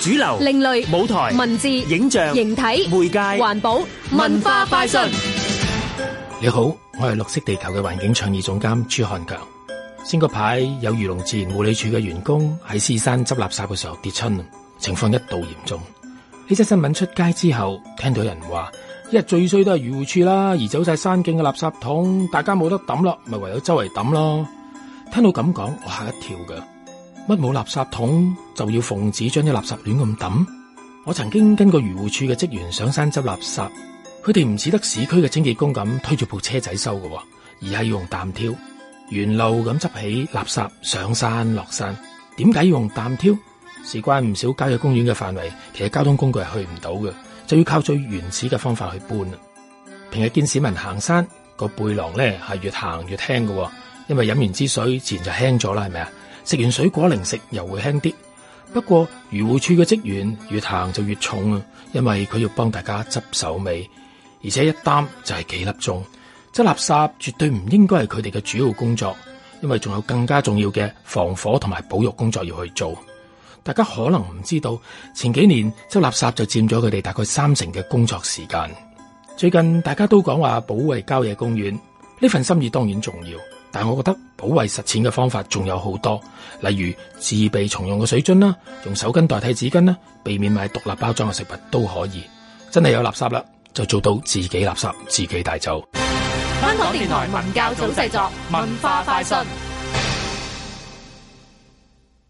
主流、另類、舞台、文字、影像、形體、媒介、環保、文化快訊。你好，我係綠色地球嘅環境倡議總監朱漢強。先個排有漁農自然護理處嘅員工喺獅山執垃圾嘅時候跌親，情況一度嚴重。呢則新聞出街之後，聽到人話：一日最衰都係漁護處啦，移走晒山徑嘅垃圾桶，大家冇得抌咯，咪唯有周圍抌咯。聽到咁講，我嚇一跳㗎。乜冇垃圾桶就要奉旨將啲垃圾亂咁抌？我曾經跟過漁護處嘅職員上山執垃圾，佢哋唔似得市區嘅清潔工咁推住部車仔收嘅，而係要用擔挑，沿路咁執起垃圾上山落山。點解要用擔挑？事關唔少郊野公園嘅範圍，其實交通工具係去唔到嘅，就要靠最原始嘅方法去搬。平日見市民行山，個背囊咧係越行越輕嘅，因為飲完支水自然就輕咗啦，係咪啊？食完水果零食，又會輕啲，不過漁護署嘅職員越行就越重啊，因為佢要幫大家執手尾，而且一擔就係幾粒鐘。執垃圾絕對唔應該係佢哋嘅主要工作，因為仲有更加重要嘅防火同埋保育工作要去做。大家可能唔知道，前幾年執垃圾就佔咗佢哋大概三成嘅工作時間。最近大家都講話，保衛郊野公園呢份心意當然重要。但我覺得保衛實踐嘅方法仲有好多，例如自備重用嘅水樽啦，用手巾代替紙巾啦，避免買獨立包裝嘅食物都可以。真係有垃圾啦，就做到自己垃圾自己帶走。香港電台文教組製作，文化快訊。